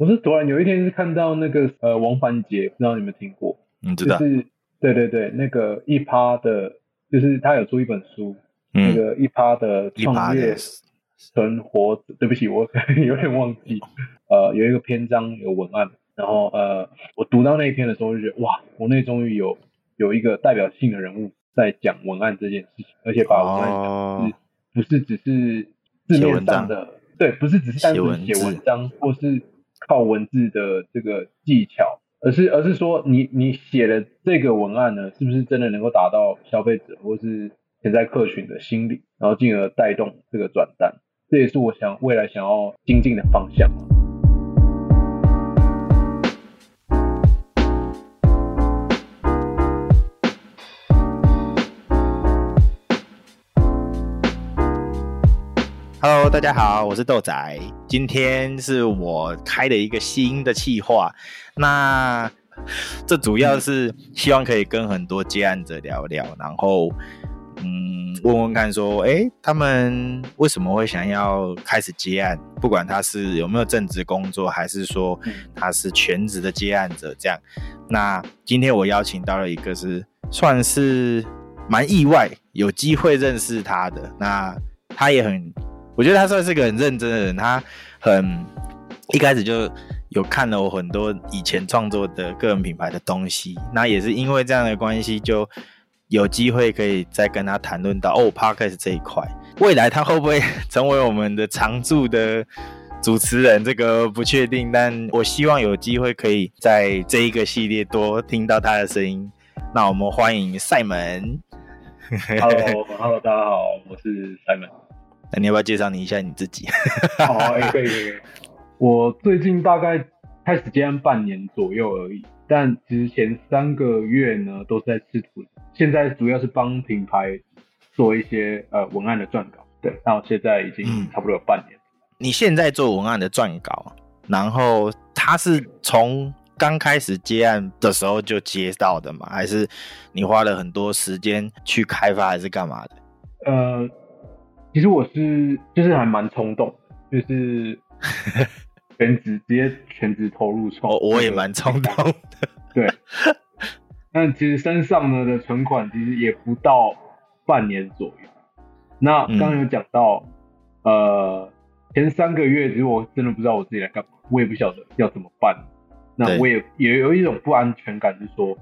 我是突然有一天是看到那個呃王凡杰，不知道有沒有聽過？嗯，就是對對對，那個一趴的，就是他有出一本書，嗯、那個一趴的創業生活，就是、對不起，我有點忘記。呃，有一個篇章有文案，然後呃，我讀到那一篇的時候就覺得哇，國內終於有有一個代表性的人物在講文案這件事情，而且把文案、哦、不是只是字面上的？對，不是只是單純寫文章，文或是。靠文字的這個技巧，而是而是說你，你你寫的這個文案呢，是不是真的能夠達到消費者或是潛在客群的心理，然後進而帶動這個轉單？這也是我想未來想要精進的方向。大家好，我是豆仔。今天是我開了一個新的企劃，那這主要是希望可以跟很多接案者聊聊，嗯、然後嗯，問問看說，誒、欸，他們為什麼會想要開始接案？不管他是有沒有正職工作，還是說他是全職的接案者，這樣。嗯、那今天我邀請到了一個，是算是蠻意外，有機會認識他的。那他也很。我覺得他算是個很認真的人，他很一開始就有看了我很多以前創作的個人品牌的東西，那也是因為這樣的關係，就有機會可以再跟他談論到哦 podcast 這一塊，未來他會不會成為我們的常駐的主持人？這個不確定，但我希望有機會可以在這一個系列多聽到他的聲音。那我們歡迎賽門。Hello，Hello，hello, 大家好，我是賽門。那你要不要介紹你一下你自己？好、 哦，可以可以。我最近大概開始接案半年左右而已，但其實前三個月呢，都是在吃土，現在主要是幫品牌做一些呃文案的撰稿。對，那我現在已經差不多有半年、嗯。你現在做文案的撰稿，然後他是從剛開始接案的時候就接到的嗎？還是你花了很多時間去開發，還是幹嘛的？呃。其實我是就是還蠻衝動的，就是全職直接全職投入創，我也蠻衝動的。對，那 其實身上呢的存款其實也不到半年左右。那剛剛有講到，嗯、呃，前三個月其實我真的不知道我自己來幹嘛，我也不曉得要怎麼辦。那我也有有一種不安全感，就是說，對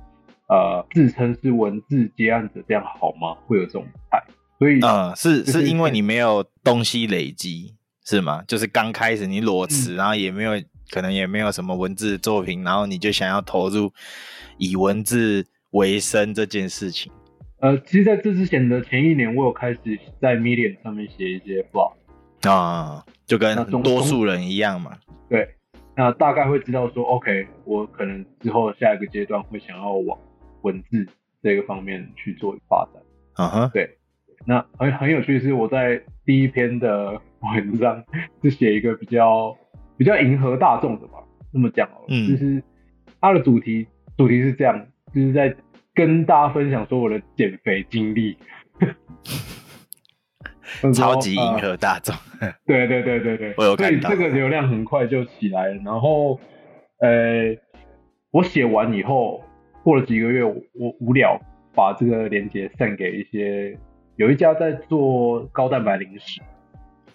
呃，自稱是文字接案者這樣好嗎？會有這種態。所以嗯，是是因為你沒有東西累積，是嗎？就是剛開始你裸辭，嗯、然後也沒有，可能也沒有什麼文字作品，然後你就想要投入以文字為生這件事情。呃，其實在這之前的前一年，我有開始在 Medium 上面寫一些 blog 啊，就跟很多數人一樣嘛。對，那大概會知道說，OK，我可能之後下一個階段會想要往文字這個方面去做發展。啊、uh huh. 對。那很很有趣，是我在第一篇的文章就寫一個比較比較迎合大眾的吧，那麼講、嗯、就是它的主題主題是這樣，就是在跟大家分享說我的減肥經歷， 超級迎合大眾、嗯。對對對對對，對，對，我有看到，所以這個流量很快就起來了。然後，呃、欸，我寫完以後過了幾個月，我無聊把這個鏈接散給一些。有一家在做高蛋白零食，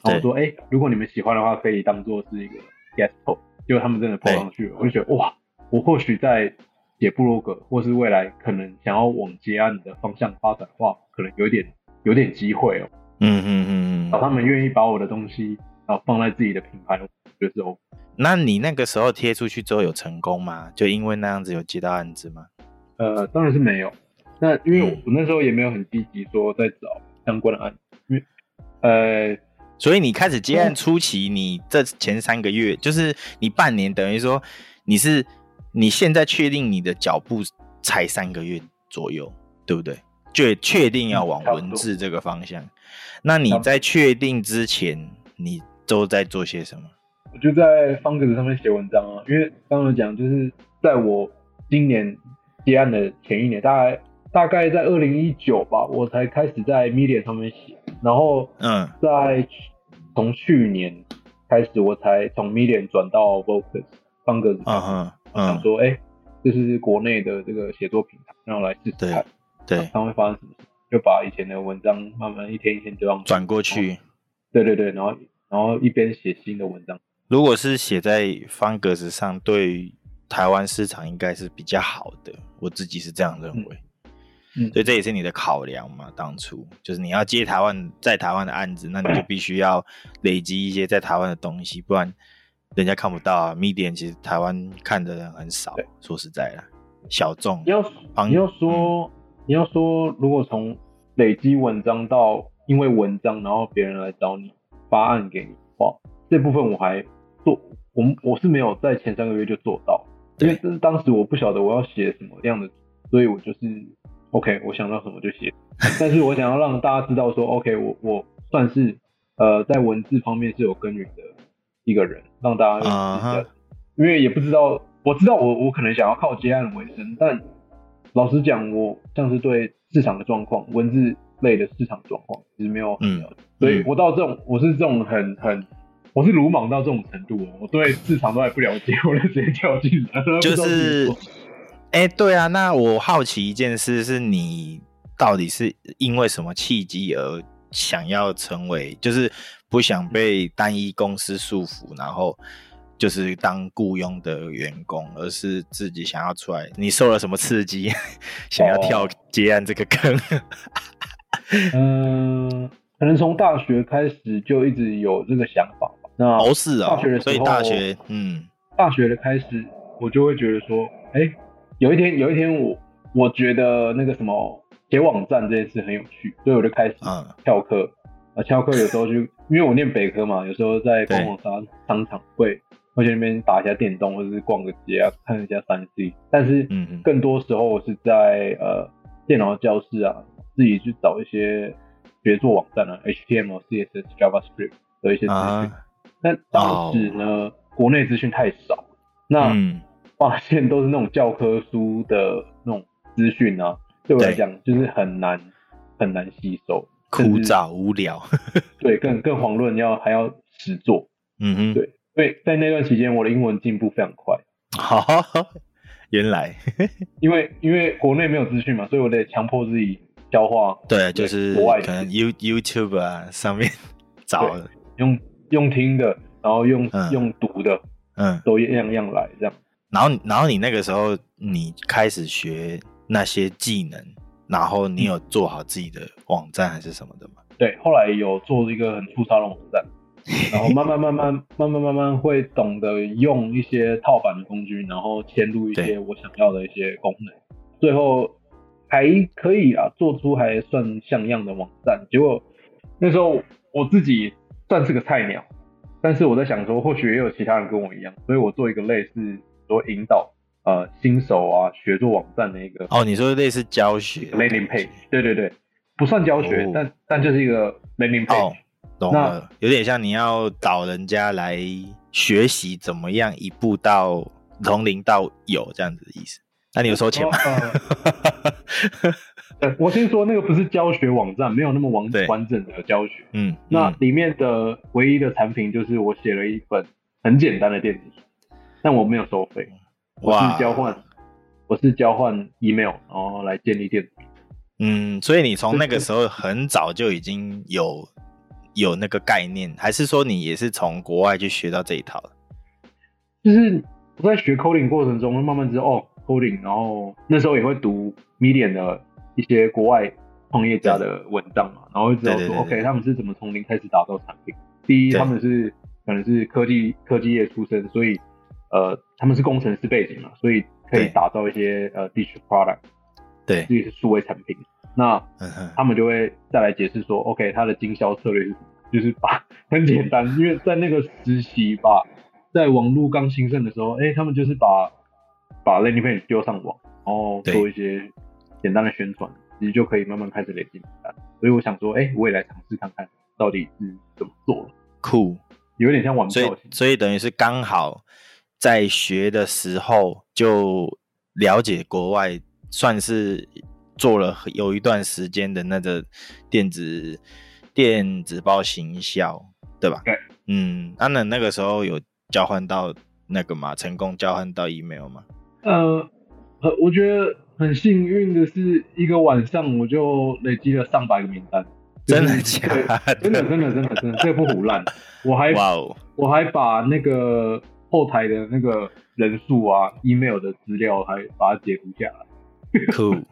那我說哎對、欸，如果你們喜歡的話，可以當做是一個 guest post。結果他們真的 post 上去了，對我就覺得哇，我或許在寫部落格，或是未來可能想要往接案的方向發展的話，可能有點有點機會哦、喔。嗯哼嗯嗯他們願意把我的東西啊放在自己的品牌，就是哦、OK。那你那個時候貼出去之後有成功嗎？就因為那樣子有接到案子嗎？呃，當然是沒有。那因為我那時候也沒有很積極說在找相關的案，因為呃，所以你開始接案初期，你這前三個月就是你半年等於說你是你現在確定你的腳步才三個月左右，對不對？就確定要往文字這個方向。那你在確定之前，你都在做些什麼？我就在方格子上面寫文章啊，因為剛剛講就是在我今年接案的前一年，大概。大概在二零一九吧，我才開始在 Medium 上面寫，然後嗯，在從去年開始，我才從 Medium 轉到 Vocus 方格子啊，huh, 想說哎、嗯欸，這是國內的這個寫作平台，讓我來試試看對，對，會發生什麼？就把以前的文章慢慢一天一天這樣轉過去，對對對，然後然後一邊寫新的文章。如果是寫在方格子上，對台灣市場應該是比較好的，我自己是這樣認為。嗯所以這也是你的考量嘛？當初就是你要接台灣在台灣的案子，那你就必須要累積一些在台灣的東西，不然人家看不到啊。Medium 其實台灣看的人很少，對說實在的，小眾。你要你要說你要說，要說如果從累積文章到因為文章然後別人來找你發案給你，哇，這部分我還做我我是沒有在前三個月就做到，對因為這是當時我不曉得我要寫什麼樣的，所以我就是。OK，我想到什麼就寫，但是我想要讓大家知道說 ，OK，我我算是呃在文字方面是有耕耘的一個人，讓大家、uh huh. 因為也不知道，我知道我我可能想要靠接案為生，但老實講，我像是對市場的狀況，文字類的市場狀況其實沒有很了解，嗯、所以我到這種、嗯、我是這種很很，我是魯莽到這種程度，我對市場都還不了解，我就直接跳進來，說就是。欸、對啊，那我好奇一件事，是你到底是因為什麼契機而想要成為，就是不想被單一公司束縛，然後就是當雇傭的員工，而是自己想要出來。你受了什麼刺激，想要跳接案這個坑、哦？嗯，可能從大學開始就一直有這個想法吧。那都、哦、是啊、哦，所以大學，嗯，大學的開始，我就會覺得說，誒有一天，有一天我我覺得那個什麼寫網站這件事很有趣，所以我就開始翹課。啊翹課、啊、有時候就因為我念北科嘛，有時候在逛逛商商場會，或者那邊打一下電動，或者是逛個街啊，看一下三 C。但是，嗯更多時候我是在、嗯、哼呃電腦教室啊，自己去找一些學做網站的、啊啊、HTML、CSS、JavaScript 的一些資訊。啊、但當時呢，哦、國內資訊太少。那嗯。發現都是那種教科書的那種資訊啊，對我來講就是很難對很難吸收，枯燥無聊。 對，更更遑論要還要實作。嗯哼，對，所以在那段期間，我的英文進步非常快。好、哦，原來 因為因為國內沒有資訊嘛，所以我得強迫自己消化。對、啊，就是國外可能 you, YouTube 啊上面找用用聽的，然後用、嗯、用讀的，嗯，都一樣樣來這樣。然後，然後你那個時候你開始學那些技能，然後你有做好自己的網站還是什麼的嗎？對，後來有做一個很粗糙的網站，然後慢慢慢慢 慢慢慢慢會懂得用一些套版的工具，然後嵌入一些我想要的一些功能，對最後還可以啊，做出還算像樣的網站。結果那時候我自己算是個菜鳥，但是我在想說，或許也有其他人跟我一樣，所以我做一個類似。多引導呃新手啊學做網站的一個哦，你說類似教學 landing page 對對對，不算教學，哦、但但就是一個 landing page、哦。懂了，那有點像你要找人家來學習怎麼樣一步到從零到有這樣子的意思。那你有收錢嗎？哦呃、 我先說那個不是教學網站，沒有那麼完完整對的教學。嗯，那裡面的唯一的產品就是我寫了一本很簡單的電子書。但我沒有收費，我是交換，哇我是交換 email，然後來建立店。嗯，所以你從那個時候很早就已經有、就是、有那個概念，還是說你也是從國外去學到這一套？就是我在學 coding 過程中，我慢慢知道哦，coding。然後那時候也會讀 medium 的一些國外創業家的文章嘛，對然後就知道說對對對對，OK，他們是怎麼從零開始打造產品？對對對對第一，他們是對可能是科技科技業出身，所以呃，他們是工程師背景嘛，所以可以打造一些呃 digital product，對，這、呃、對是數位產品。那他們就會再來解釋說嗯嗯，OK，他的經銷策略是，就是把很簡單， 因為在那個時期吧，在網路剛興盛的時候，哎、欸，他們就是把把 landing page 丟上網，然後做一些簡單的宣傳，對你就可以慢慢開始累積，所以我想說，哎、欸，我也來嘗試看看到底是怎麼做。酷，有點像網絡，所以所以等於是剛好。在學的時候就了解國外，算是做了有一段時間的那個電子電子報行銷，對吧？對，Okay. 嗯，當然那個時候有交換到那個嘛？成功交換到 email 嗎？呃，我覺得很幸運的是，一個晚上我就累積了上百個名單。真的假的？真的真的真的真的， 這不唬爛，我還 Wow. 我還把那個。後台的那個人數啊，email 的資料還把它截圖下來，酷、 cool。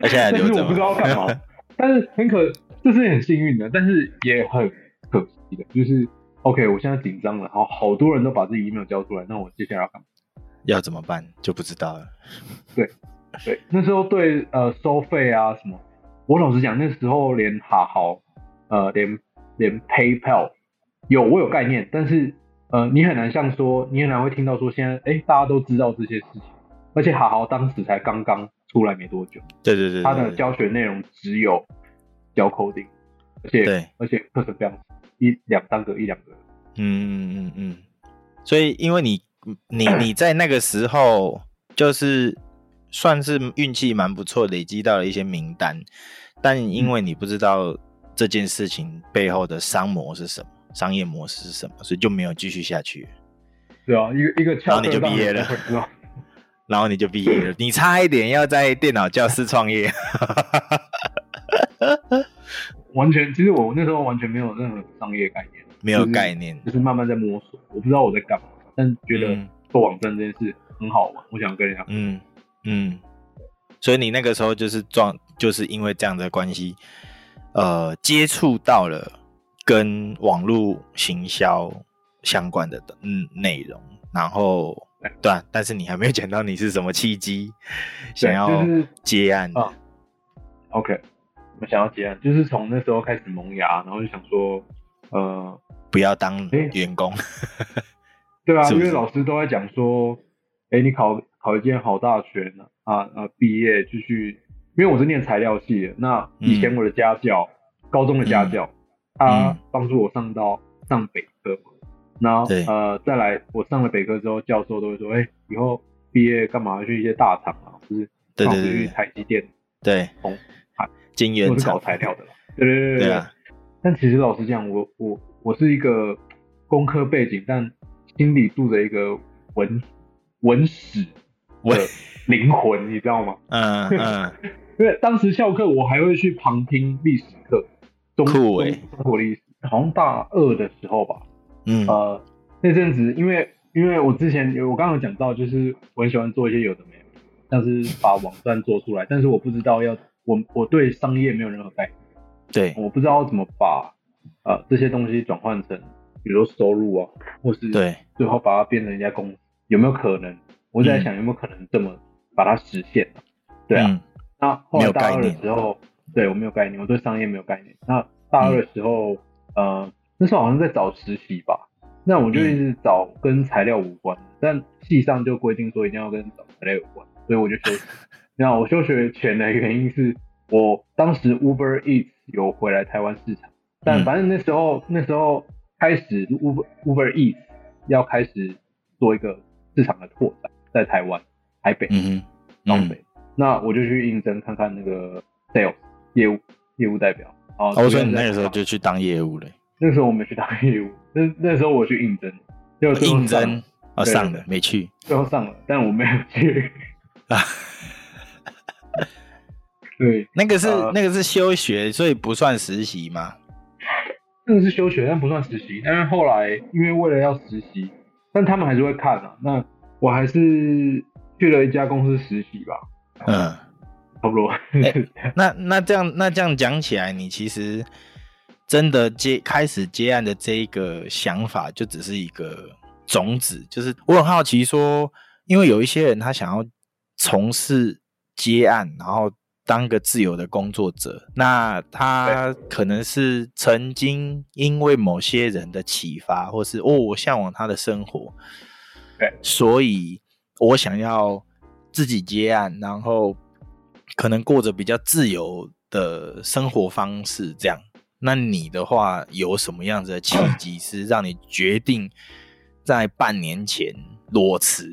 而且但是我不知道要幹嘛， 但是很可，這是很幸運的，但是也很可惜的，就是 OK，我現在緊張了，好，好多人都把這 email 交出來，那我接下來要幹嘛？要怎麼辦就不知道了。 對對，那時候對呃收費啊什麼，我老實講那時候連卡號呃連連 PayPal 有我有概念，但是。呃，你很難像說，你很難會聽到說，現在哎、欸，大家都知道這些事情，而且好好當時才剛剛出來沒多久，對對對，對，他的教學內容只有教 coding，而且對而且課程非常少，一兩三個一兩個，嗯嗯嗯嗯，所以因為你你你在那個時候就是算是運氣蠻不錯的，累積到了一些名單，但因為你不知道這件事情背後的商模是什麼。商業模式是什麼？所以就沒有繼續下去。對啊，一個一個，然後你就畢業了，然後你就畢業了， 你差一點要在電腦教室創業， 完全。其實我那時候完全沒有任何商業概念，沒有概念。就是，就是慢慢在摸索。我不知道我在幹嘛，但是覺得做網站這件事很好玩。我想跟你講。嗯，嗯。所以你那個時候就是撞，就是因為這樣的關係，呃，接觸到了。跟網絡行銷相關的嗯內容，然後對、啊，對但是你還沒有講到你是什麼契機，對想要接案、嗯。OK，我想要接案，就是從那時候開始萌芽，然後就想說，呃，不要當員工。欸、對啊，是是因為老師都在講說、欸，你考考一間好大學啊畢、啊、業繼續，因為我是念材料系的，那以前我的家教，嗯、高中的家教。嗯他幫助我上到上北科嘛，然後對呃，再來我上了北科之後，教授都會說，哎、欸，以後畢業幹嘛，去一些大廠啊，就是對對，台積電對，鴻海晶圓是搞材料的啦，對對對對，對，對、啊、但其實老實講，我我我是一個工科背景，但心裡住着一個文文史的靈魂， 你知道嗎？嗯嗯，嗯 因為當時校課我還會去旁聽歷史課。中酷哎、欸，中古歷史，好像大二的時候吧，嗯呃，那陣子因為因為我之前我剛剛有講到，就是我很喜歡做一些有的沒有，像是把網站做出來，但是我不知道要我我對商業沒有任何概念，對，我不知道怎麼把、呃、這些東西轉換成，比如收入啊，或是對，最後把它變成一家公司，對有沒有可能？我在想有沒有可能這麼把它實現、啊？嗯、對啊，那後來大二的時候。對我沒有概念，我對商業沒有概念。那大二的時候，嗯、呃，那時候好像在找實習吧，那我就一直找跟材料無關的，嗯、但系上就規定說一定要跟材料有關，所以我就休息。 那我休學前的原因是我當時 Uber Eats 有回來台灣市場，但反正那時候、嗯、那時候開始 Uber, Uber Uber Eats 要開始做一個市場的拓展，在台灣台北、東、嗯、哼北，嗯、那我就去應徵看看那個 sales。業務業務代表啊，我、哦、說、哦、你那個時候就去當業務了、欸。那個時候我沒去當業務，那那時候我去應徵。就應徵啊，哦、對上了沒去？最後上了，但我沒有去啊。 對，那個是、呃、那個是休學，所以不算實習嗎？那個是休學，但不算實習。但是後來因為為了要實習，但他們還是會看啊。那我還是去了一家公司實習吧。嗯。差不多、欸。那那這樣那這樣講起來，你其實真的接，開始接案的這一個想法，就只是一個種子。就是我很好奇說，因為有一些人他想要從事接案，然後當個自由的工作者，那他可能是曾經因為某些人的啟發，或是，哦，我嚮往他的生活，對，所以我想要自己接案，然後。可能過着比較自由的生活方式，這樣。那你的話，有什麼樣的契機是讓你決定在半年前裸辭，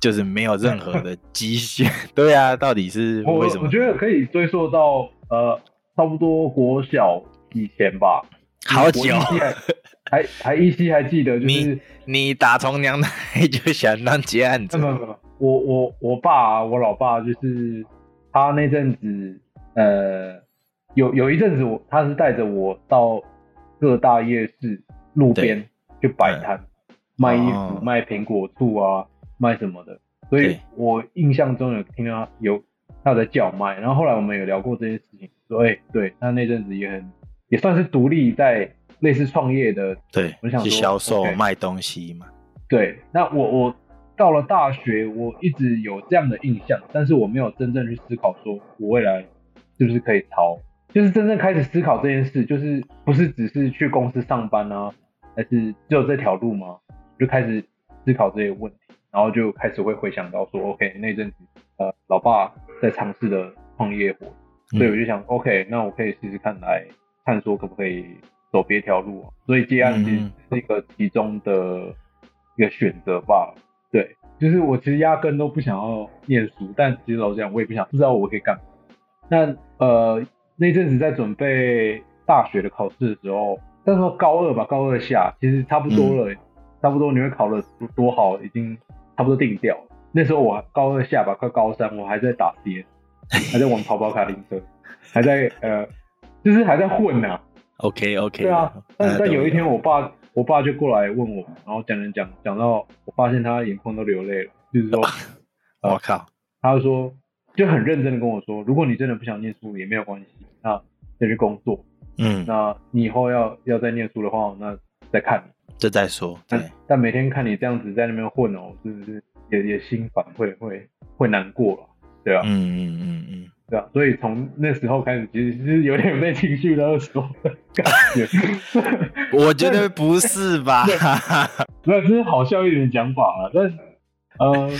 就是沒有任何的積蓄？ 對啊，到底是為什麼？我，我覺得可以追溯到呃，差不多國小以前吧。好久還，還還依稀還記得，就是你，你打從娘胎就想當接案子。怎麼怎麼？我我我爸、啊、我老爸就是。他那陣子，呃，有有一陣子我，我他是帶着我到各大夜市路邊對去擺攤，嗯、賣衣服、哦、賣蘋果醋啊，賣什麼的。所以我印象中有聽到他有他在叫賣。然後後來我們有聊過這些事情，所以對，他那陣子也很也算是獨立在類似創業的，對，我想去銷售 okay，賣東西嘛？對，那我我。到了大學，我一直有這樣的印象，但是我沒有真正去思考，說我未來是不是可以逃，就是真正開始思考這件事，就是不是只是去公司上班呢、啊，還是只有這條路嗎？就開始思考這些問題，然後就開始會回想到說，OK，那陣子呃，老爸在嘗試著創業火，嗯、所以我就想，OK，那我可以試試看來，來探索可不可以走別條路、啊，所以接案子是一個其中的一個選擇罷了。對，就是我其實壓根都不想要念書，但其實老實講我也不想，不知道我可以幹嘛，呃。那呃那陣子在準備大學的考試的時候，那時候高二吧，高二下，其實差不多了，嗯、差不多你會考的多好，已經差不多定調。那時候我高二下吧，快高三，我還在打碟，還在玩跑跑卡丁車， 還在呃就是還在混呢，啊。OK OK。對啊，但是但有一天我爸，嗯。我爸就過來問我，然後講講講講到我發現他眼眶都流淚了，就是說，我、哦呃、靠，他就說就很認真的跟我說，如果你真的不想念書也沒有關係，那先去工作，嗯，那你以後要要再念書的話，那再看，這再說。對但，但每天看你這樣子在那邊混哦，是、就、不是也也心煩會，會會會難過了。對啊，嗯嗯嗯嗯，嗯嗯對啊。所以從那時候開始，其實是有點被情緒勒索的感覺。我覺得不是吧？那只是好笑一點的講法了。但呃，嗯、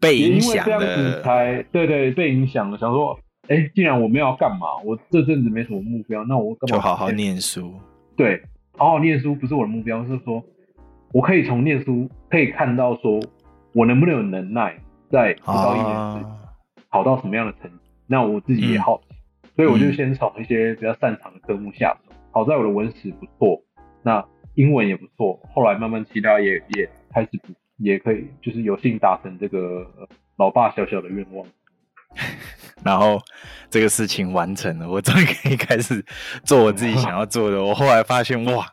被影響也因為這樣子才對對，對被影響了。想說，哎、欸，既然我沒有要幹嘛，我這陣子沒什麼目標，那我幹嘛就好好念書、欸。對，好好念書不是我的目標，是，是說我可以從念書可以看到，說我能不能有能耐再做到一點考到什麼樣的成績？那我自己也好奇，嗯、所以我就先從一些比較擅長的科目下手。嗯、好在我的文史不錯，那英文也不錯。後來慢慢其他也也開始也可以，就是有幸達成這個老爸小小的願望。然後這個事情完成了，我終於可以開始做我自己想要做的。我後來發現，哇，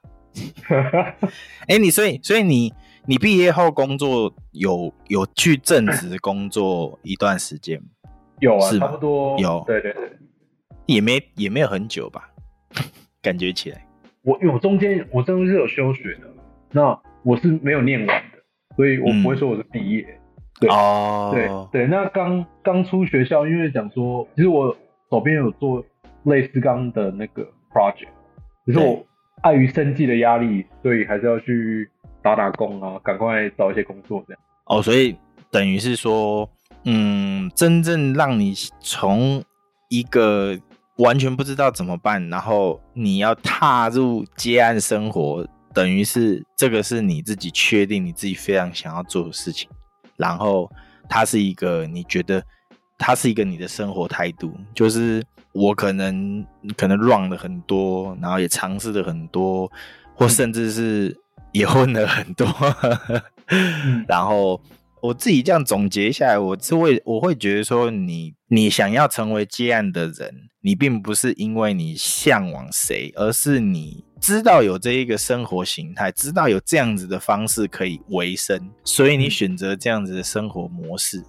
哎哇、 欸，你所以所以你你畢業後工作有有去正職工作一段時間嗎？有啊，嗎差不多有，對對對，也沒也沒有很久吧， 感覺起來。我有中間，我真的是有休學的，那我是沒有念完的，所以我不會說我是畢業。對，對對。那剛剛出學校，因為講說，其實我手邊有做類似剛的那個 project，可是我礙於生計的壓力，所以還是要去打打工啊，趕快找一些工作這樣。哦，所以等於是說。嗯，真正讓你從一個完全不知道怎麼辦，然後你要踏入接案生活，等於是這個是你自己確定你自己非常想要做的事情，然後它是一個你覺得它是一個你的生活態度，就是我可能可能 run 了很多，然後也嘗試了很多，或甚至是也混了很多，嗯、 然後。我自己這樣總結下來，我是會我會覺得說你，你你想要成為接案的人，你並不是因為你嚮往誰，而是你知道有這一個生活形態，知道有這樣子的方式可以維生，所以你選擇這樣子的生活模式。嗯、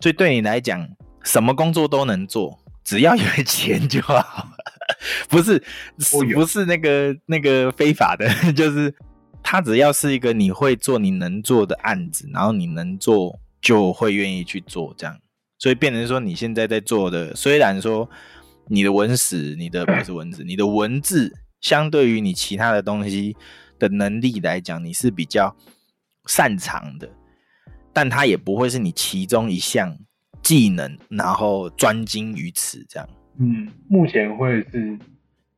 所以對你來講，什麼工作都能做，只要有錢就好。 不是，我有不是那個那個非法的，就是。他只要是一個你會做、你能做的案子，然後你能做就會願意去做這樣，所以變成說你現在在做的，雖然說你的文史、你的不是文字、你的文字，相對於你其他的東西的能力來講，你是比較擅長的，但它也不會是你其中一項技能，然後專精於此這樣。嗯，目前會是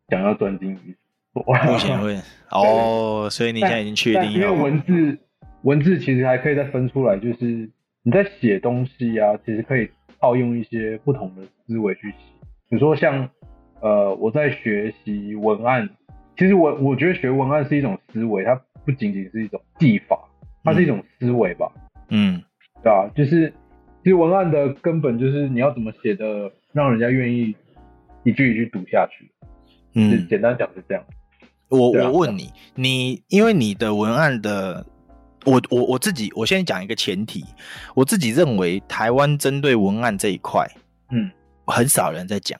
想要專精於此。我 前問 哦，所以你現在已經確定了？因為文字文字其實還可以再分出來，就是你在寫東西啊，其實可以套用一些不同的思維去寫。比如說像呃，我在學習文案，其實我我覺得學文案是一種思維，它不僅僅是一種技法，它是一種思維吧？嗯，對啊，就是其實文案的根本就是你要怎麼寫的，讓人家願意一句一句讀下去。嗯、就是，簡單講是這樣。我、對啊、我問你，你因為你的文案的。我我我自己，我先講一個前提，我自己認為台灣針對文案這一塊，嗯，很少人在講。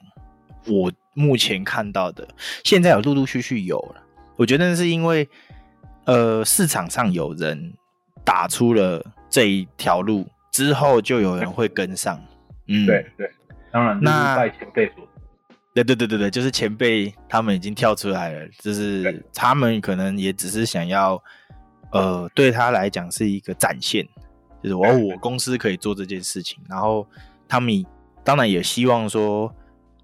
我目前看到的，現在有陸陸續續有了，我覺得是因為，呃，市場上有人打出了這一條路之後，就有人會跟上。呵呵嗯，對對，當然前那。是拜前輩對對對對對，就是前輩他們已經跳出來了，就是他們可能也只是想要，呃，對他來講是一個展現，就是我我公司可以做這件事情，然後他們當然也希望說，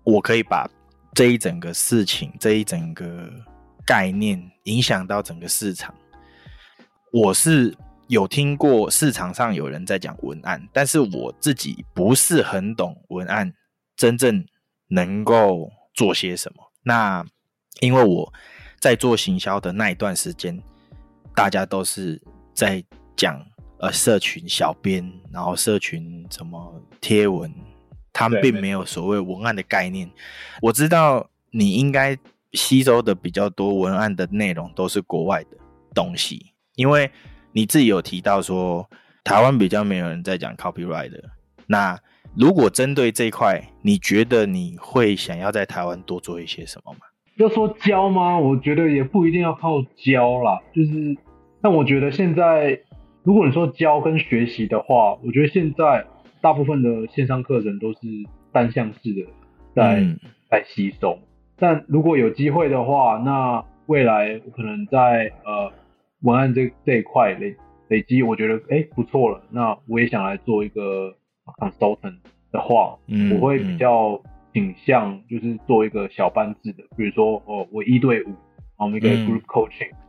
我可以把這一整個事情這一整個概念影響到整個市場。我是有聽過市場上有人在講文案，但是我自己不是很懂文案，真正。能夠做些什麼？那因為我在做行銷的那一段時間，大家都是在講呃社群小編，然後社群什麼貼文，他們並沒有所謂文案的概念。對我知道你應該吸收的比較多文案的內容都是國外的東西，因為你自己有提到說台灣比較沒有人在講 copywriter。那如果針對這一塊，你覺得你會想要在台灣多做一些什麼嗎？要說教嗎？我覺得也不一定要靠教啦，就是，但我覺得現在，如果你說教跟學習的話，我覺得現在大部分的線上課程都是單向式的在，嗯、在在吸收。但如果有機會的話，那未來我可能在呃文案這這一塊累累積，我覺得誒不錯了，那我也想來做一個。consultant 的話，嗯、我會比較傾向就是做一個小班制的，嗯、比如說哦，我一對五，我們一個 group coaching、嗯、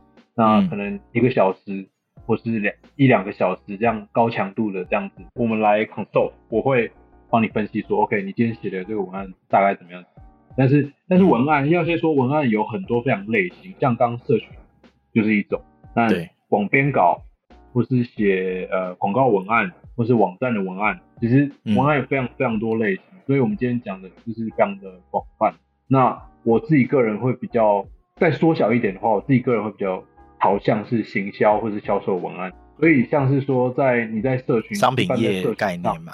那可能一個小時、嗯、或是兩一兩個小時這樣高強度的這樣子，我們來 consult，我會幫你分析說，OK，你今天寫的這個文案大概怎麼樣？但是但是文案、嗯、要先說，文案有很多非常類型，像剛社群就是一種，但廣編稿或是寫呃廣告文案。或是網站的文案，其實文案有非常非常多類型，嗯、所以我們今天講的就是非常的廣泛。那我自己個人會比較再縮小一點的話，我自己個人會比較好像是行銷或是銷售文案。所以像是說，在你在社群，社群商品頁的概念嘛，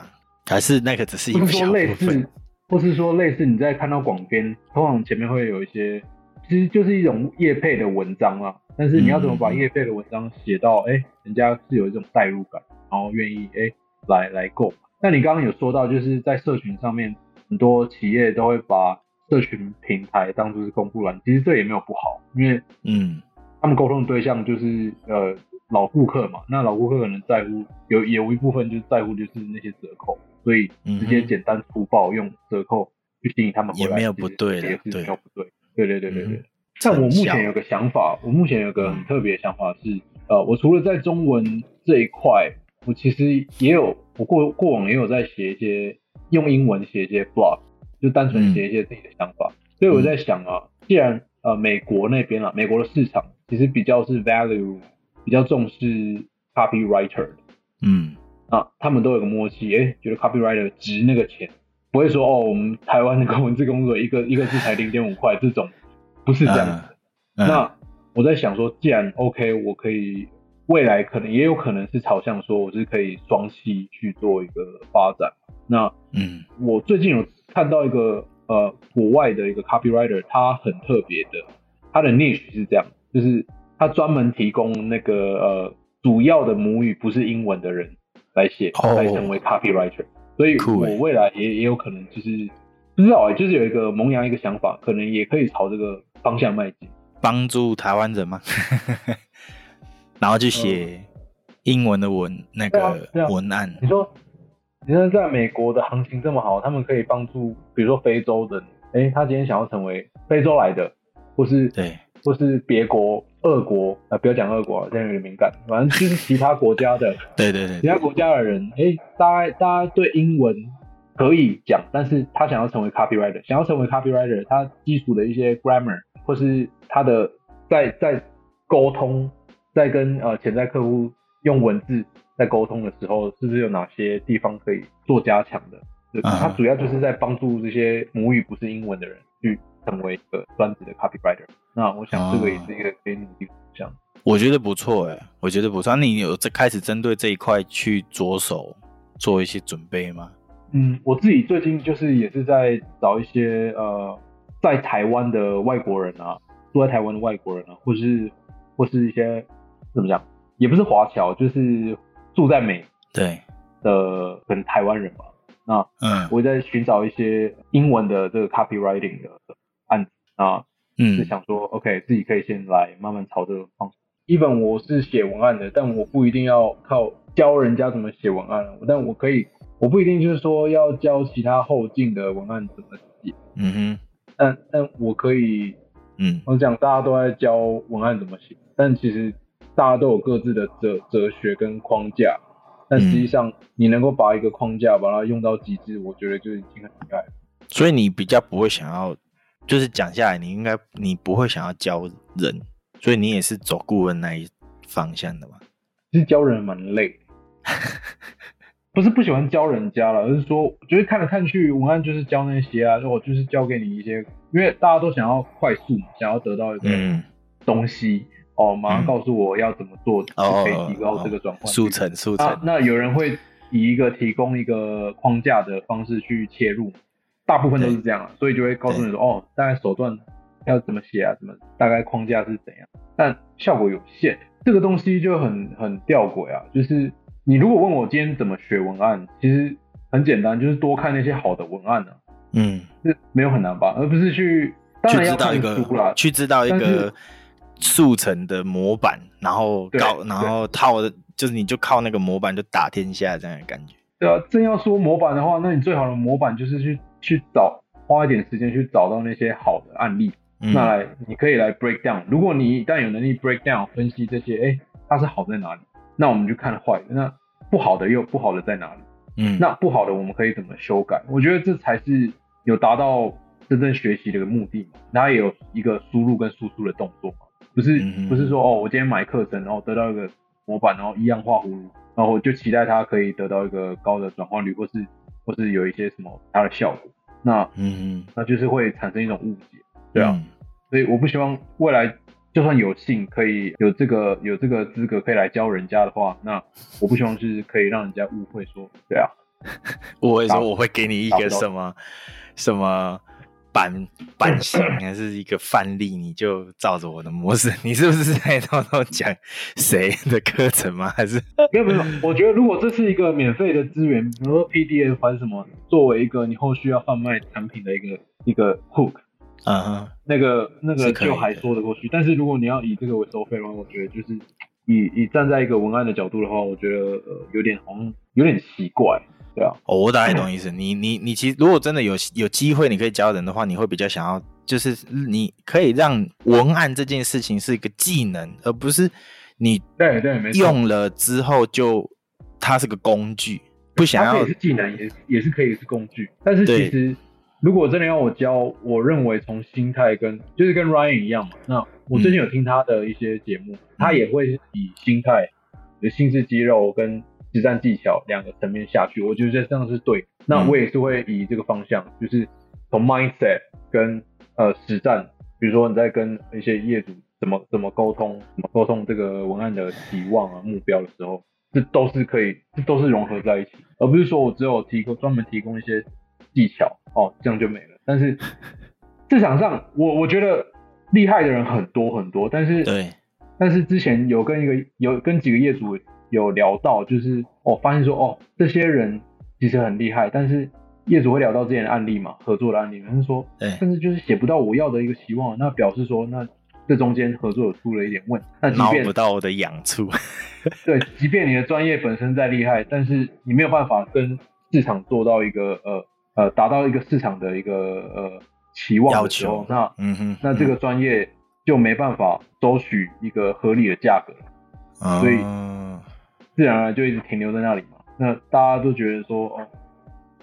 還是那個只是一些類似，或是說類似你在看到廣編，通常前面會有一些，其實就是一種業配的文章啊，但是你要怎麼把業配的文章寫到，哎、嗯，人家是有一種代入感。然後願意哎、欸、來來購。那你剛剛有說到，就是在社群上面，很多企業都會把社群平台當作是公佈欄。其實這也沒有不好，因為嗯，他們溝通的對象就是、嗯、呃老顧客嘛。那老顧客可能在乎有有一部分就是在乎就是那些折扣，所以直接簡單粗暴用折扣去吸引他們回來也沒有不對了，對對對對對對。像、嗯、我目前有個想法，嗯、我目前有個很特別的想法是呃，我除了在中文這一塊。我其實也有，我過過往也有在寫一些用英文寫一些 blog，就單純寫一些自己的想法。嗯、所以我在想啊，既然呃美國那邊啊，美國的市場其實比較是 value，比較重視 copywriter，嗯，啊，他們都有個默契，誒、欸、覺得 copywriter 值那個錢，不會說哦，我們台灣的文字工作一個 一個字才零點五塊這種，不是這樣子。啊啊、那我在想說，既然 OK，我可以。未來可能也有可能是朝向說，我是可以雙棲去做一個發展。那嗯，我最近有看到一個呃，國外的一個 copywriter，他很特別的，他的 niche 是這樣，就是他專門提供那個呃，主要的母語不是英文的人來寫，oh, 來成為 copywriter。所以，我未來也也有可能就是、欸、不知道、欸，就是有一個萌芽一個想法，可能也可以朝這個方向邁進，幫助台灣人嗎？ 然後就寫英文的文、嗯、那個文案。啊啊、你說，你說在美國的行情這麼好，他們可以幫助，比如說非洲的，哎，他今天想要成為非洲來的，或是對，或是別國、俄國啊、呃，不要講俄國，這樣有點敏感。反正就是其他國家的， 對對對，對，其他國家的人，哎，大家大家對英文可以講，但是他想要成為 copywriter，想要成為 copywriter，他基礎的一些 grammar 或是他的在在溝通。在跟呃潛在客戶用文字在溝通的時候，是不是有哪些地方可以做加強的？對，他、嗯、主要就是在幫助這些母語不是英文的人去成為一個專職的 copywriter。那我想這個也是一個可以努力的方向，我、欸。我覺得不錯哎，我覺得不錯。那你有在開始針對這一塊去着手做一些準備嗎？嗯，我自己最近就是也是在找一些呃在台灣的外國人啊，住在台灣的外國人啊，或是或是一些。怎麼講？也不是華僑，就是住在美對的，對可能台灣人吧。那嗯，我在尋找一些英文的這個 copywriting 的案子啊，是想說、嗯、OK，自己可以先來慢慢朝這個方向。一本我是寫文案的，但我不一定要靠教人家怎麼寫文案，但我可以，我不一定就是說要教其他後進的文案怎麼寫。嗯哼，但但我可以，嗯，我想大家都在教文案怎麼寫，但其實。大家都有各自的哲哲學跟框架，但實際上你能夠把一個框架把它用到極致，嗯、我覺得就已經很厲害。所以你比較不會想要，就是講下來，你應該你不會想要教人，所以你也是走顧問那一方向的嘛。其實教人蠻累， 不是不喜歡教人家了，而是說就是看來看去文案就是教那些啊，就我就是教給你一些，因為大家都想要快速想要得到一個東西。嗯哦，馬上告訴我要怎麼做，嗯、可以提高這個轉換速成速成、啊。那有人會以一個提供一個框架的方式去切入，大部分都是這樣啊，對所以就會告訴你說，對哦，大概手段要怎麼寫啊，怎麼大概框架是怎樣，但效果有限。這個東西就很很吊詭啊，就是你如果問我今天怎麼學文案，其實很簡單，就是多看那些好的文案呢、啊，嗯，沒有很難吧？而不是去當然要看書啦，去知道一個，去知道一個。速成的模板，然後搞，然後套的，就是你就靠那個模板就打天下這樣的感覺。對啊，真要說模板的話，那你最好的模板就是去去找，花一點時間去找到那些好的案例，嗯、那來你可以來 break down。如果你一旦有能力 break down 分析這些，哎，它是好在哪裡？那我們就看壞的，那不好的又不好的在哪裡？嗯，那不好的我們可以怎麼修改？我覺得這才是有達到真正學習的一個目的嘛，那也有一個輸入跟輸出的動作嘛。不是不是說哦，我今天買課程，然後得到一個模板，然後一樣畫葫蘆，然後我就期待它可以得到一個高的轉化率，或是或是有一些什麼它的效果。那嗯哼，那就是會產生一種誤解，對啊。嗯、所以我不希望未來就算有幸可以有這個有這個資格可以來教人家的話，那我不希望就是可以讓人家誤會說，對啊， 我會說我會給你一個什麼什麼。版版型還是一個範例，你就照着我的模式，你是不是在偷偷講誰的課程嗎？還是 沒有沒有？我覺得如果這是一個免費的資源，比如說 PDF 還是什麼，作為一個你後續要販賣產品的一個一個 hook，嗯、uh huh，那個那個就還說得過去。是，但是如果你要以這個為收費的話，我覺得就是以以站在一個文案的角度的話，我覺得呃有點好像有點奇怪。對啊，哦、我大概懂意思。你你、嗯、你，你你其實如果真的有有機會，你可以教人的話，你會比較想要，就是你可以讓文案這件事情是一個技能，而不是你對對，用了之後就它是個工具，不想要。也是技能，也是也是可以是工具。但是其實對如果真的要我教，我認為從心態跟就是跟 Ryan 一樣嘛。那我最近有聽他的一些節目，嗯、他也會以心態、的心是肌肉跟。實戰技巧兩個層面下去，我覺得這樣是對。那我也是會以這個方向，嗯、就是從 mindset 跟呃實戰，比如說你在跟一些業主怎麼怎麼溝通，怎麼溝通這個文案的期望啊目標的時候，這都是可以，這都是融合在一起，而不是說我只有提供專門提供一些技巧哦，這樣就沒了。但是市場上我，我我覺得厲害的人很多很多，但是對，但是之前有跟一個有跟幾個業主。有聊到，就是哦，發現說哦，這些人其實很厲害，但是業主會聊到之前的案例嘛，合作的案例，他、就是、說，甚至對就是寫不到我要的一個期望，那表示說，那這中間合作有出了一點問題。撈不到我的癢處， 對，即便你的專業本身再厲害，但是你沒有辦法跟市場做到一個呃呃，達、呃、到一個市場的一個呃期望要求，那嗯哼，那這個專業就沒辦法收取一個合理的價格，嗯、所以。嗯自然而然就一直停留在那裡嘛。那大家都覺得說，哦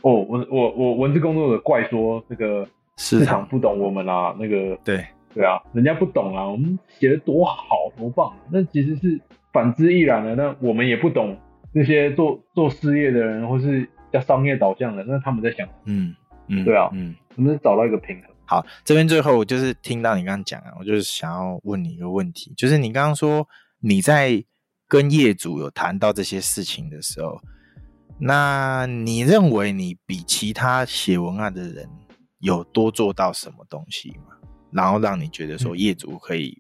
哦，我我我文字工作者怪說這個市場不懂我們啊，市場。那個對對啊，人家不懂啊，我們寫的多好多棒。那其實是反之亦然的，那我們也不懂那些做做事業的人或是叫商業導向的，那他們在想，嗯嗯，嗯對啊，嗯，我們就找到一個平衡。好，這邊最後我就是聽到你剛剛講啊，我就是想要問你一個問題，就是你剛剛說你在。跟業主有談到這些事情的時候，那你認為你比其他寫文案的人有多做到什麼東西嗎？然後讓你覺得說業主可以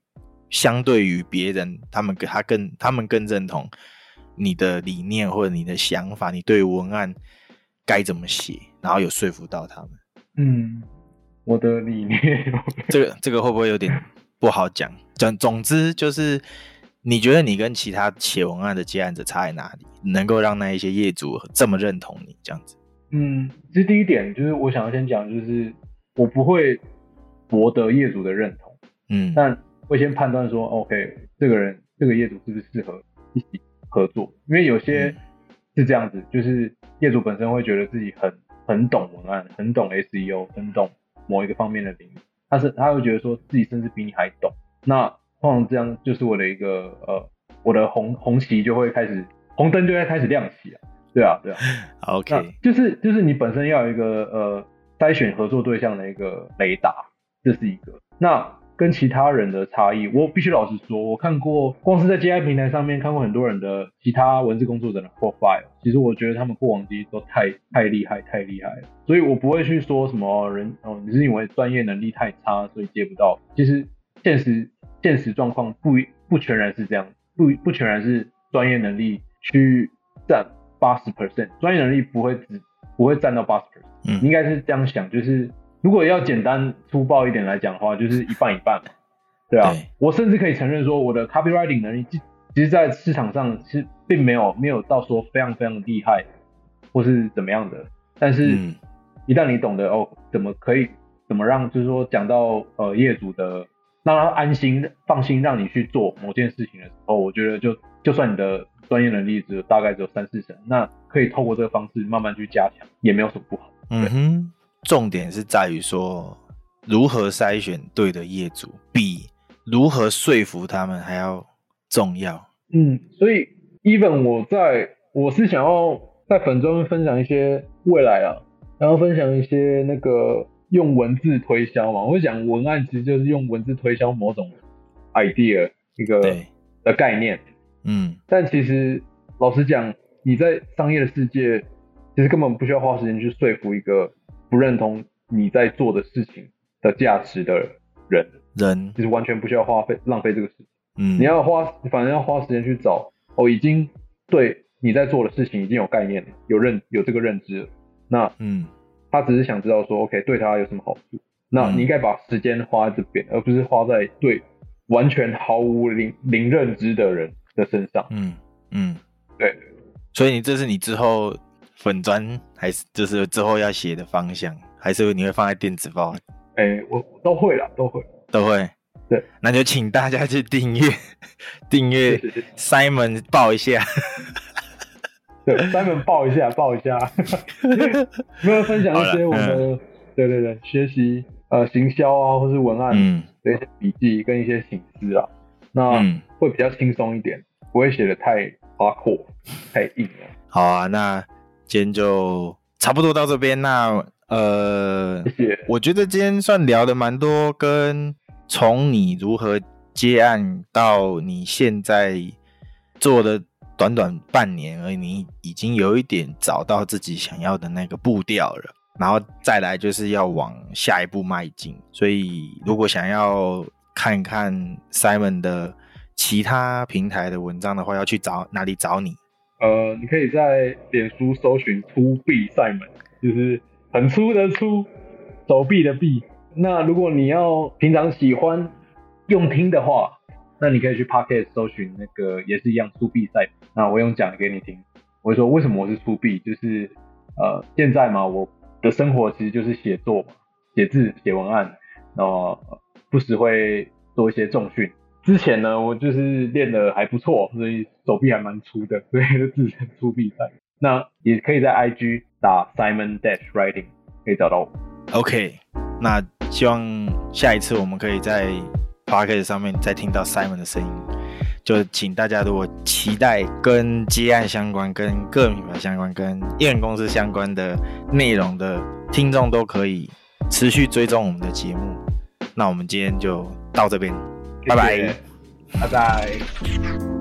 相對於別人，他們、嗯、他更他們更，更認同你的理念或者你的想法，你對文案該怎麼寫，然後有說服到他們。嗯，我的理念，這個這個會不會有點不好講？ 總總之就是。你覺得你跟其他寫文案的接案者差在哪裡？能夠讓那一些業主這麼認同你這樣子？嗯，這是第一點，就是我想要先講，就是我不會博得業主的認同，嗯，但會先判斷說，OK，這個人這個業主是不是適合一起合作？因為有些是這樣子，嗯，就是業主本身會覺得自己很很懂文案，很懂 SEO，很懂某一個方面的領域，他是他會覺得說自己甚至比你還懂，那通常這樣，就是我的一個呃，我的紅紅旗就會開始紅燈就會開始亮起啊，對啊，對啊，OK，就是就是你本身要有一個呃篩選合作對象的一個雷達，這是一個。那跟其他人的差異，我必須老實說，我看過光是在接案平台上面看過很多人的其他文字工作者的 profile，其實我覺得他們過往其實都太太厲害，太厲害了，所以我不會去說什麼人哦，你是因為專業能力太差所以接不到，其實現實。現實狀況不不全然是這樣，不不全然是專業能力去佔八十 percent，專業能力不會只不會佔到八十 percent，嗯，應該是這樣想，就是如果要簡單粗暴一點來講的話，就是一半一半嘛。對啊，對，我甚至可以承認說我的 copywriting 能力其其實在市場上是並沒有沒有到說非常非常厲害或是怎麼樣的，但是一旦你懂得哦怎麼可以怎麼讓就是說講到呃業主的。當他安心、放心，讓你去做某件事情的時候，我覺得就就算你的專業能力只有大概只有三四成，那可以透過這個方式慢慢去加強，也沒有什麼不好。嗯哼，重點是在於說如何篩選對的業主，比如何說服他們還要重要。嗯，所以 even 我在我是想要在粉專分享一些未來啊，然後分享一些那個。用文字推銷嘛？我想文案其實就是用文字推銷某種 idea 一個的概念。嗯，但其實老實講，你在商業的世界，其實根本不需要花時間去說服一個不認同你在做的事情的價值的人，人其實完全不需要花費浪費這個時間。嗯，你要花，反正要花時間去找哦，已經對你在做的事情已經有概念，有認，有這個認知了。那嗯。他只是想知道說，OK，對他有什麼好處？那你應該把時間花在這邊，嗯、而不是花在對完全毫無零零認知的人的身上。嗯嗯，嗯對。所以你這是你之後粉專，還是就是之後要寫的方向？還是你會放在電子報？哎、欸，我都會啦，都會，都會。對，那就請大家去訂閱，訂 閱 Simon 報一下。 對，專門報一下，報一下， 沒有分享一些我們、嗯、對對對學習呃行銷啊，或是文案嗯這些筆記跟一些形式啊，那會比較輕鬆一點，嗯、不會寫的太 hardcore 太硬了。好啊，那今天就差不多到這邊，那呃，謝謝。我覺得今天算聊的蠻多，跟從你如何接案到你現在做的。短短半年而已，而你已經有一點找到自己想要的那個步調了，然後再來就是要往下一步邁進。所以，如果想要看一看 Simon 的其他平台的文章的話，要去找哪裡找你？呃，你可以在臉書搜尋“粗臂 Simon”，就是很粗的粗，手臂的臂。那如果你要平常喜歡用聽的話，那你可以去 Pocket 搜尋那個也是一樣粗臂賽。那我用講給你聽，我就說為什麼我是粗臂，就是呃現在嘛，我的生活其實就是寫作嘛，寫字寫文案，然後不時會做一些重訓。之前呢，我就是練得還不錯，所以手臂還蠻粗的，所以就自稱粗臂賽。那也可以在 IG 打 Simon Dash Writing 可以找到我。OK，那希望下一次我們可以再。上面再聽到 Simon 的聲音，就請大家如果期待跟接案相關、跟個人品牌相關、跟藝人公司相關的內容的聽眾都可以持續追蹤我們的節目。那我們今天就到這邊，謝謝拜拜，拜拜。